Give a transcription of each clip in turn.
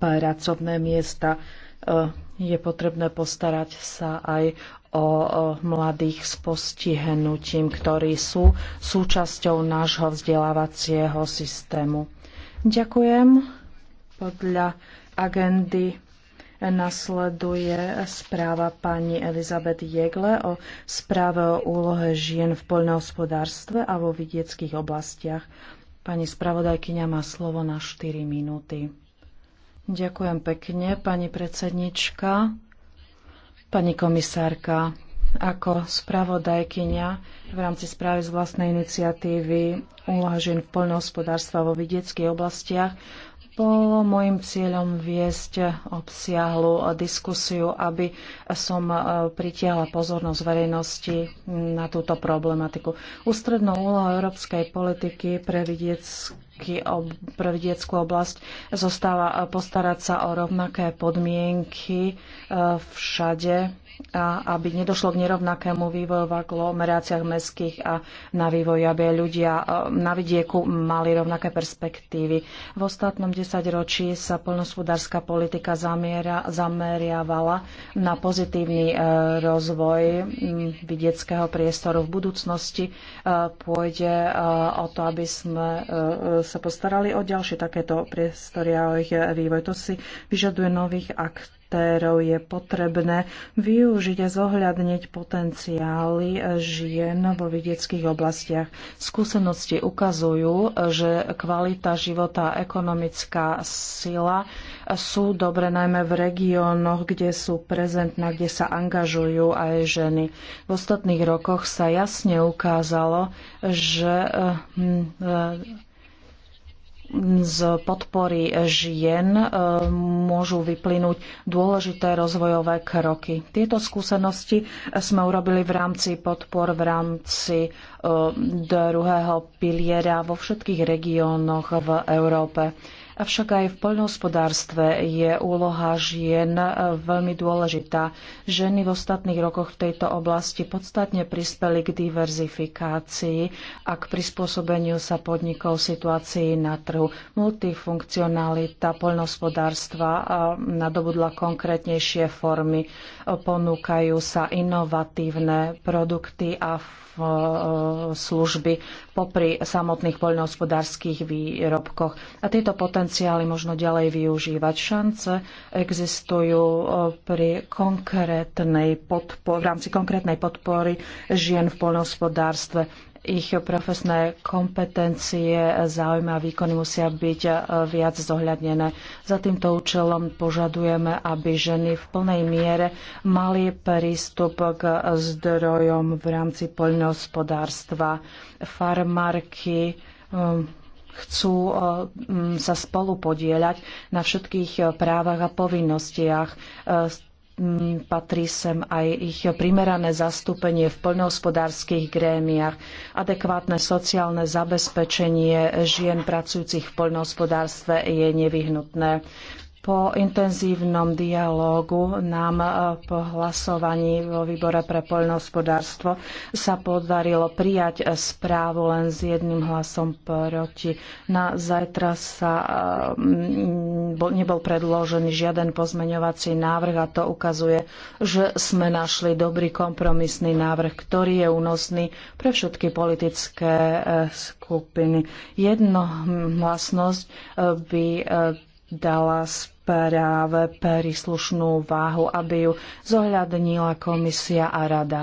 pracovné miesta. E, je potrebné postarať sa aj o mladých s postihnutím, ktorí sú súčasťou nášho vzdelávacieho systému. Ďakujem. Podľa agendy nasleduje správa pani Elizabeth Jegle o správe o úlohe žien v poľnohospodárstve a vo vidieckých oblastiach. Pani spravodajkyňa má slovo na 4 minúty. Ďakujem pekne, pani predsednička, pani komisárka. Ako spravodajkyňa v rámci správy z vlastnej iniciatívy úloha žien v poľnohospodárstva vo vidieckých oblastiach bolo môjim cieľom viesť obsiahlu diskusiu, aby som e, pritiahla pozornosť verejnosti na túto problematiku. Ústrednou úlohou európskej politiky pre vidiecké politiky pre detskú oblasť zostáva eh, postarať sa o rovnaké podmienky eh, všade a aby nedošlo k nerovnakému vývoju v aglomeráciách mestských a na vývoj, aby ľudia eh, na vidieku mali rovnaké perspektívy. V ostatnom desaťročí sa poľnospodárska politika zamiera, zameriavala na pozitívny rozvoj mm, vidieckého priestoru. V budúcnosti pôjde o to, aby sme sa postarali o ďalšie takéto priestory a o ich vývoj. To si vyžaduje nových aktérov. Je potrebné využiť a zohľadniť potenciály žien vo vidieckých oblastiach. Skúsenosti ukazujú, že kvalita života a ekonomická sila sú dobre najmä v regiónoch, kde sú prezentné, kde sa angažujú aj ženy. V ostatných rokoch sa jasne ukázalo, že hm, z podpory žien e, môžu vyplynúť dôležité rozvojové kroky. Tieto skúsenosti sme urobili v rámci podpor, v rámci e, druhého piliera vo všetkých regiónoch v Európe. Avšak aj v poľnohospodárstve je úloha žien e, veľmi dôležitá. Ženy v ostatných rokoch v tejto oblasti podstatne prispeli k diverzifikácii a k prispôsobeniu sa podnikov situácii na trhu. Multifunkcionalita poľnohospodárstva e, nadobudla konkrétnejšie formy. E, ponúkajú sa inovatívne produkty a služby popri samotných poľnohospodárských výrobkoch. A tieto potenciály potenciály možno ďalej využívať. Šance existujú e, pri konkrétnej podpor- v rámci konkrétnej podpory žien v poľnohospodárstve ich profesné kompetencie, záujmy a výkony musia byť e, viac zohľadnené. Za týmto účelom požadujeme, aby ženy v plnej miere mali prístup k zdrojom v rámci poľnohospodárstva, farmárky, e, chcú eh, mm, sa spolu podieľať na všetkých eh, právach a povinnostiach eh, mm, patrí sem aj ich primerané zastúpenie v poľnohospodárskych grémiach, adekvátne sociálne zabezpečenie žien pracujúcich v poľnohospodárstve je nevyhnutné. Po intenzívnom dialógu nám e, po hlasovaní vo výbore pre poľnohospodárstvo sa podarilo prijať e, správu len s jedným hlasom proti. Na zajtra sa e, nebol predložený žiaden pozmeňovací návrh a to ukazuje, že sme našli dobrý kompromisný návrh, ktorý je únosný pre všetky politické skupiny. Jednohlasnosť by dala práve príslušnú váhu, aby ju zohľadnila komisia a rada.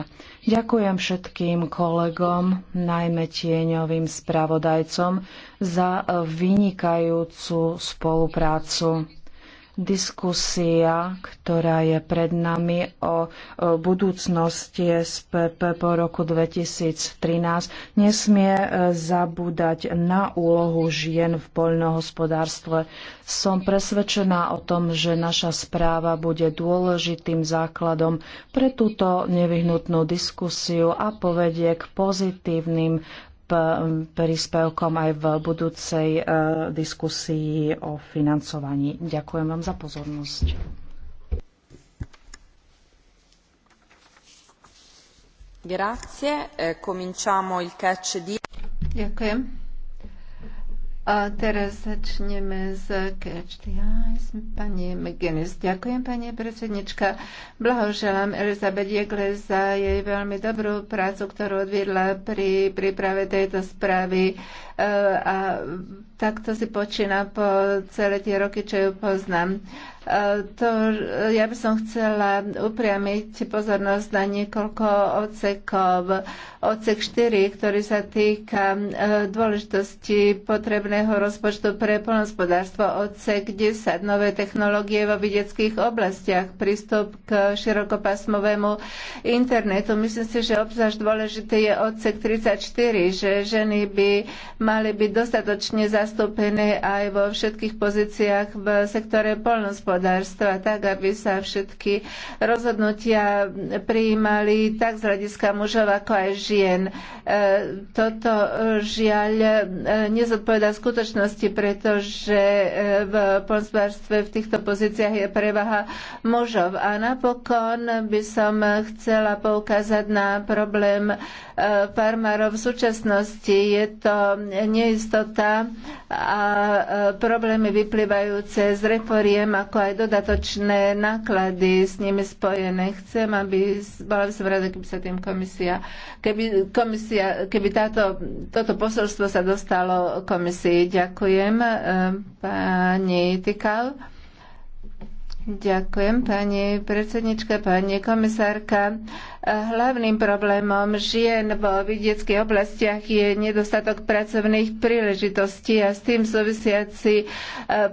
Ďakujem všetkým kolegom, najmä tieňovým spravodajcom, za vynikajúcu spoluprácu diskusia, ktorá je pred nami o budúcnosti SPP po roku 2013, nesmie e, zabúdať na úlohu žien v poľnohospodárstve. Som presvedčená o tom, že naša správa bude dôležitým základom pre túto nevyhnutnú diskusiu a povedie k pozitívnym príspevkom aj v budúcej e, diskusii o financovaní. Ďakujem vám za pozornosť. Grazie. E, cominciamo il catch di... Ďakujem. A teraz začneme z Catch the Eyes. Pani McGinnis, ďakujem, pani predsednička. Blahoželám Elizabeth Jegle za jej veľmi dobrú prácu, ktorú odviedla pri príprave tejto správy e, a takto si počína po celé tie roky, čo ju poznám. E, to, ja by som chcela upriamiť pozornosť na niekoľko odsekov. Odsek 4, ktorý sa týka e, dôležitosti potrebného rozpočtu pre polnospodárstvo. Odsek 10, nové technológie vo vidieckých oblastiach, prístup k širokopasmovému internetu. Myslím si, že obzvlášť dôležitý je odsek 34, že ženy by mali byť dostatočne zastúpené zastúpené aj vo všetkých pozíciách v sektore polnospodárstva, tak aby sa všetky rozhodnutia prijímali tak z hľadiska mužov ako aj žien. E, toto žiaľ e, nezodpoveda skutočnosti, pretože e, v polnospodárstve v týchto pozíciách je prevaha mužov. A napokon by som chcela poukázať na problém farmárov v súčasnosti. Je to neistota a problémy vyplývajúce z reforiem, ako aj dodatočné náklady s nimi spojené. Chcem, aby bola by som rada, keby sa tým komisia, keby, komisia, keby táto, toto posolstvo sa dostalo komisii. Ďakujem, e, pani Tikal. Ďakujem, pani predsednička, pani komisárka. Hlavným problémom žien vo vidieckých oblastiach je nedostatok pracovných príležitostí a s tým súvisiaci e,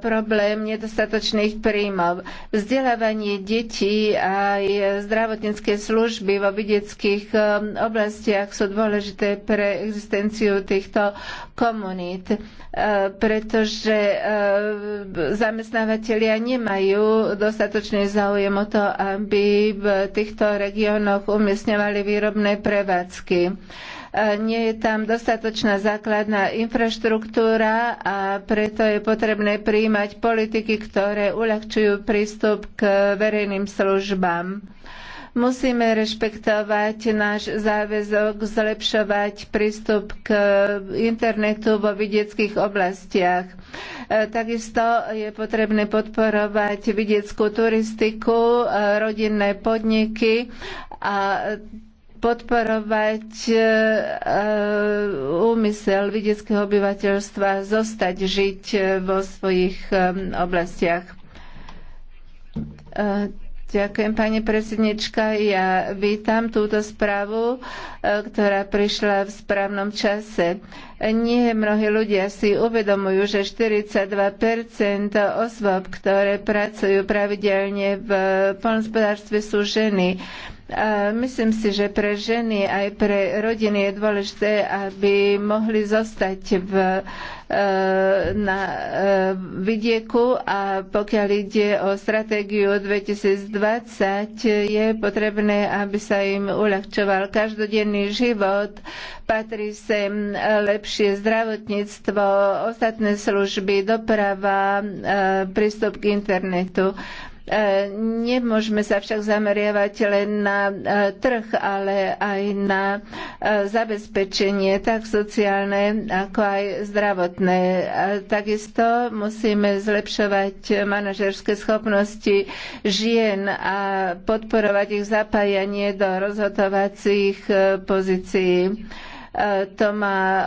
problém nedostatočných príjmov. Vzdelávanie detí a zdravotnícke služby vo vidieckých e, oblastiach sú dôležité pre existenciu týchto komunít, e, pretože zamestnávateľia nemajú dostatočný záujem o to, aby v týchto regiónoch umiestnili umiestňovali výrobné prevádzky. E, nie je tam dostatočná základná infraštruktúra a preto je potrebné prijímať politiky, ktoré uľahčujú prístup k verejným službám. Musíme rešpektovať náš záväzok zlepšovať prístup k internetu vo vidieckých oblastiach. E, takisto je potrebné podporovať vidieckú turistiku, e, rodinné podniky a podporovať e, úmysel vidieckého obyvateľstva zostať žiť vo svojich oblastiach. Ďakujem, pani predsednička. Ja vítam túto správu, e, ktorá prišla v správnom čase. Nie mnohí ľudia si uvedomujú, že 42 osôb, ktoré pracujú pravidelne v poľnospodárstve, sú ženy. A myslím si, že pre ženy aj pre rodiny je dôležité, aby mohli zostať v, e, na e, vidieku a pokiaľ ide o stratégiu 2020, je potrebné, aby sa im uľahčoval každodenný život. Patrí sem lepšie zdravotníctvo, ostatné služby, doprava, e, prístup k internetu. E, nemôžeme sa však zameriavať len na e, trh, ale aj na e, zabezpečenie tak sociálne, ako aj zdravotné. Takisto musíme zlepšovať manažerské schopnosti žien a podporovať ich zapájanie do rozhodovacích pozícií. To má e,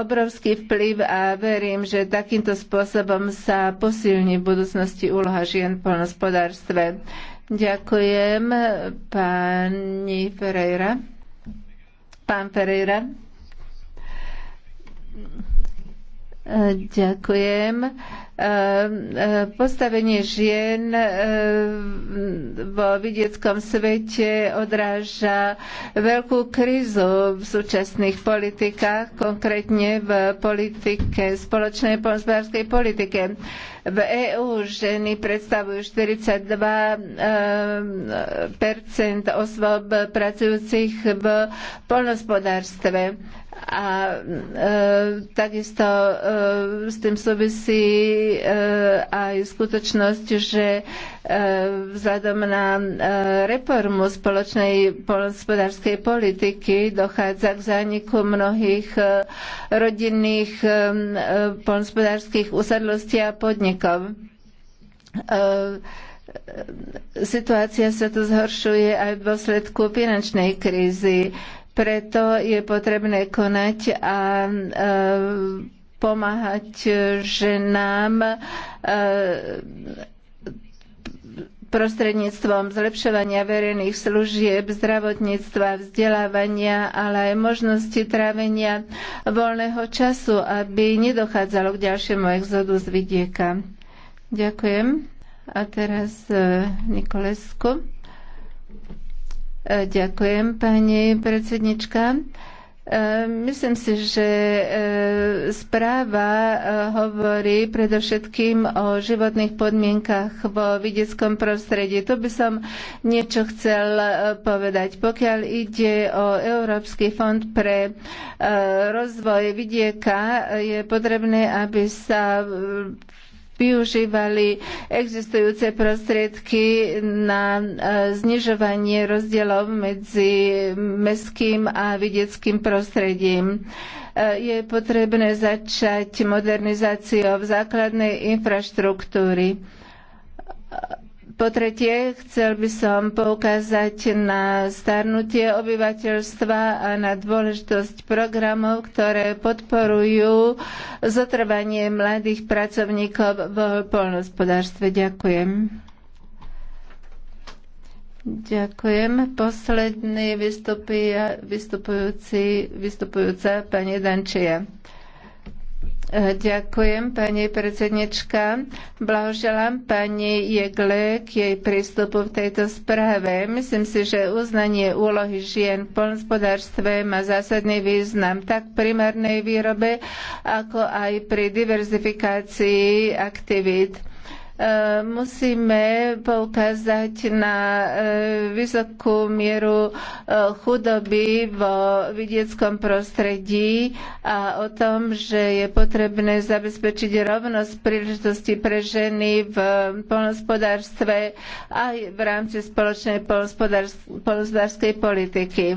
obrovský vplyv a verím, že takýmto spôsobom sa posilní v budúcnosti úloha žien v polnospodárstve. Ďakujem, pani Ferreira. Pán Ferreira. Ďakujem. Ehm, ehm, postavenie žien ehm, vo vidieckom svete odráža veľkú krizu v súčasných politikách, konkrétne v politike, spoločnej hospodárskej politike. V EÚ ženy predstavujú 42 osôb pracujúcich v polnospodárstve a e, takisto e, s tým súvisí e, aj skutočnosť, že e, vzhľadom na e, reformu spoločnej hospodárskej politiky dochádza k zániku mnohých e, rodinných e, e polnospodárských usadlostí a podnikov. E, e, Situácia sa tu zhoršuje aj v dôsledku finančnej krízy. Preto je potrebné konať a e, pomáhať ženám e, prostredníctvom zlepšovania verejných služieb, zdravotníctva, vzdelávania, ale aj možnosti trávenia voľného času, aby nedochádzalo k ďalšiemu exodu z vidieka. Ďakujem. A teraz e, Nikolesku. E, ďakujem, pani predsednička. E, myslím si, že e, správa hovorí predovšetkým o životných podmienkach vo vidieckom prostredí. To by som niečo chcel povedať. Pokiaľ ide o Európsky fond pre rozvoj vidieka, je potrebné, aby sa využívali existujúce prostriedky na e, znižovanie rozdielov medzi mestským a vidieckým prostredím e, je potrebné začať modernizáciou základnej infraštruktúry po tretie, chcel by som poukázať na starnutie obyvateľstva a na dôležitosť programov, ktoré podporujú zotrvanie mladých pracovníkov v polnospodárstve. Ďakujem. Ďakujem. Posledný vystupujúci, vystupujúca pani Dančia. Ďakujem, pani predsednička. Blahoželám pani Jegle k jej prístupu v tejto správe. Myslím si, že uznanie úlohy žien v polnospodárstve má zásadný význam tak v primárnej výrobe, ako aj pri diverzifikácii aktivít. E, musíme poukázať na e, vysokú mieru e, chudoby vo vidieckom prostredí a o tom, že je potrebné zabezpečiť rovnosť príležitosti pre ženy v polnospodárstve aj v rámci spoločnej polnospodárskej politiky.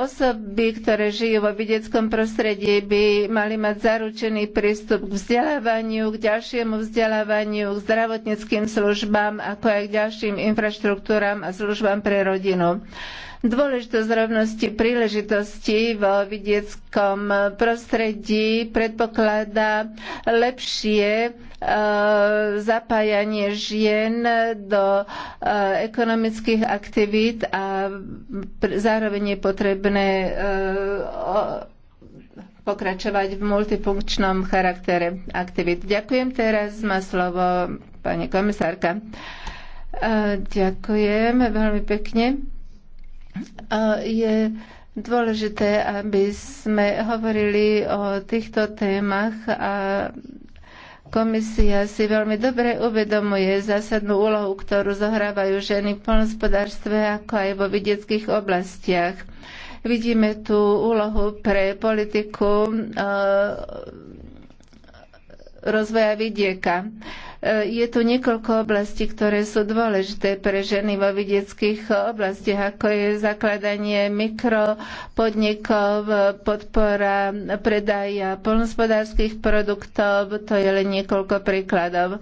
Osoby, ktoré žijú vo vidieckom prostredí, by mali mať zaručený prístup k vzdelávaniu, k ďalšiemu vzdelávaniu, k zdravotníckým službám, ako aj k ďalším infraštruktúram a službám pre rodinu. Dôležitosť rovnosti príležitosti vo vidieckom prostredí predpokladá lepšie e, zapájanie žien do e, ekonomických aktivít a zároveň je potrebné e, pokračovať v multifunkčnom charaktere aktivít. Ďakujem teraz, má slovo pani komisárka. E, ďakujem veľmi pekne. E, je dôležité, aby sme hovorili o týchto témach a Komisia si veľmi dobre uvedomuje zásadnú úlohu, ktorú zohrávajú ženy v polnospodárstve ako aj vo vidieckých oblastiach. Vidíme tu úlohu pre politiku eh, rozvoja vidieka. Eh, je tu niekoľko oblastí, ktoré sú dôležité pre ženy vo vidieckých oblastiach, ako je zakladanie mikropodnikov, podpora predaja polnospodárských produktov, to je len niekoľko príkladov.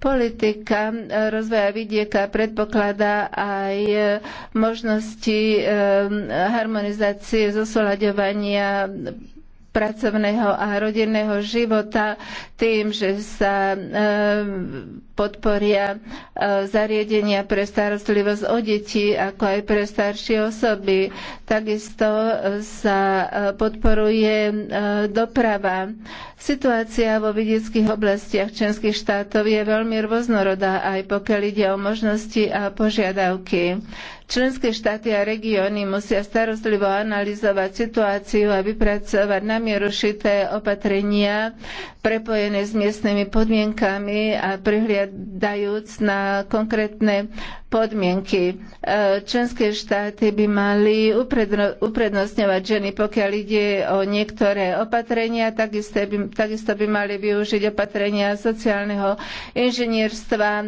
Politika e, rozvoja vidieka predpokladá aj e, možnosti e, harmonizácie, zosolaďovania pracovného a rodinného života tým, že sa e, podporia e, zariadenia pre starostlivosť o deti, ako aj pre staršie osoby. Takisto e, sa podporuje doprava. Situácia vo vidieckých oblastiach členských štátov je veľmi rôznorodá, aj pokiaľ ide o možnosti a požiadavky. Členské štáty a regióny musia starostlivo analyzovať situáciu a vypracovať namierušité opatrenia prepojené s miestnymi podmienkami a prihliadajúc na konkrétne podmienky. E, členské štáty by mali uprednostňovať ženy, pokiaľ ide o niektoré opatrenia, takisto by, takisto by mali využiť opatrenia sociálneho inžinierstva, e,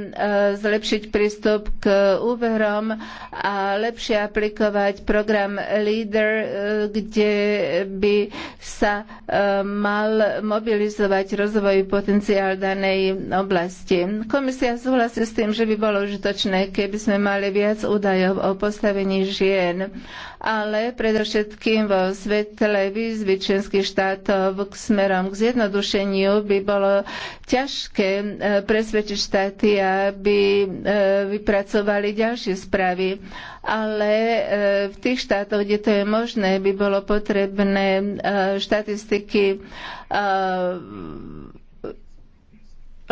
zlepšiť prístup k úverom a lepšie aplikovať program LEADER, e, kde by sa mal mobilizovať rozvoj potenciál danej oblasti. Komisia súhlasí s tým, že by bolo užitočné, keby by sme mali viac údajov o postavení žien, ale predovšetkým vo svetle výzvy členských štátov k smerom k zjednodušeniu by bolo ťažké e, presvedčiť štáty, aby e, vypracovali ďalšie správy. Ale e, v tých štátoch, kde to je možné, by bolo potrebné štatistiky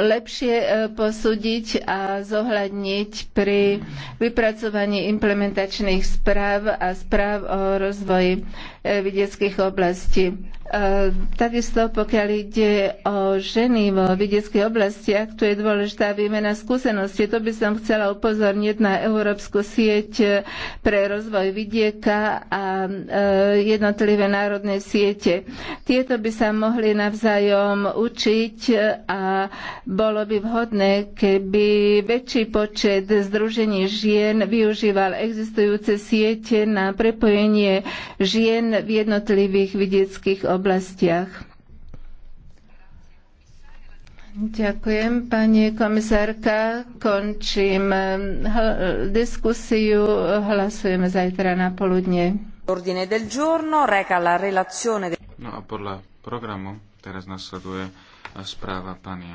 lepšie e, posúdiť a zohľadniť pri vypracovaní implementačných správ a správ o rozvoji vidieckých oblastí. E, takisto pokiaľ ide o ženy vo vidieckých oblastiach, tu je dôležitá výmena skúseností. To by som chcela upozorniť na Európsku sieť pre rozvoj vidieka a e, jednotlivé národné siete. Tieto by sa mohli navzájom učiť a bolo by vhodné, keby väčší počet združení žien využíval existujúce siete na prepojenie žien v jednotlivých vidieckých oblastiach. Ďakujem, pani komisárka. Končím ehm, hl- diskusiu. Hlasujeme zajtra na poludne. No a podľa programu teraz nasleduje eh, správa pani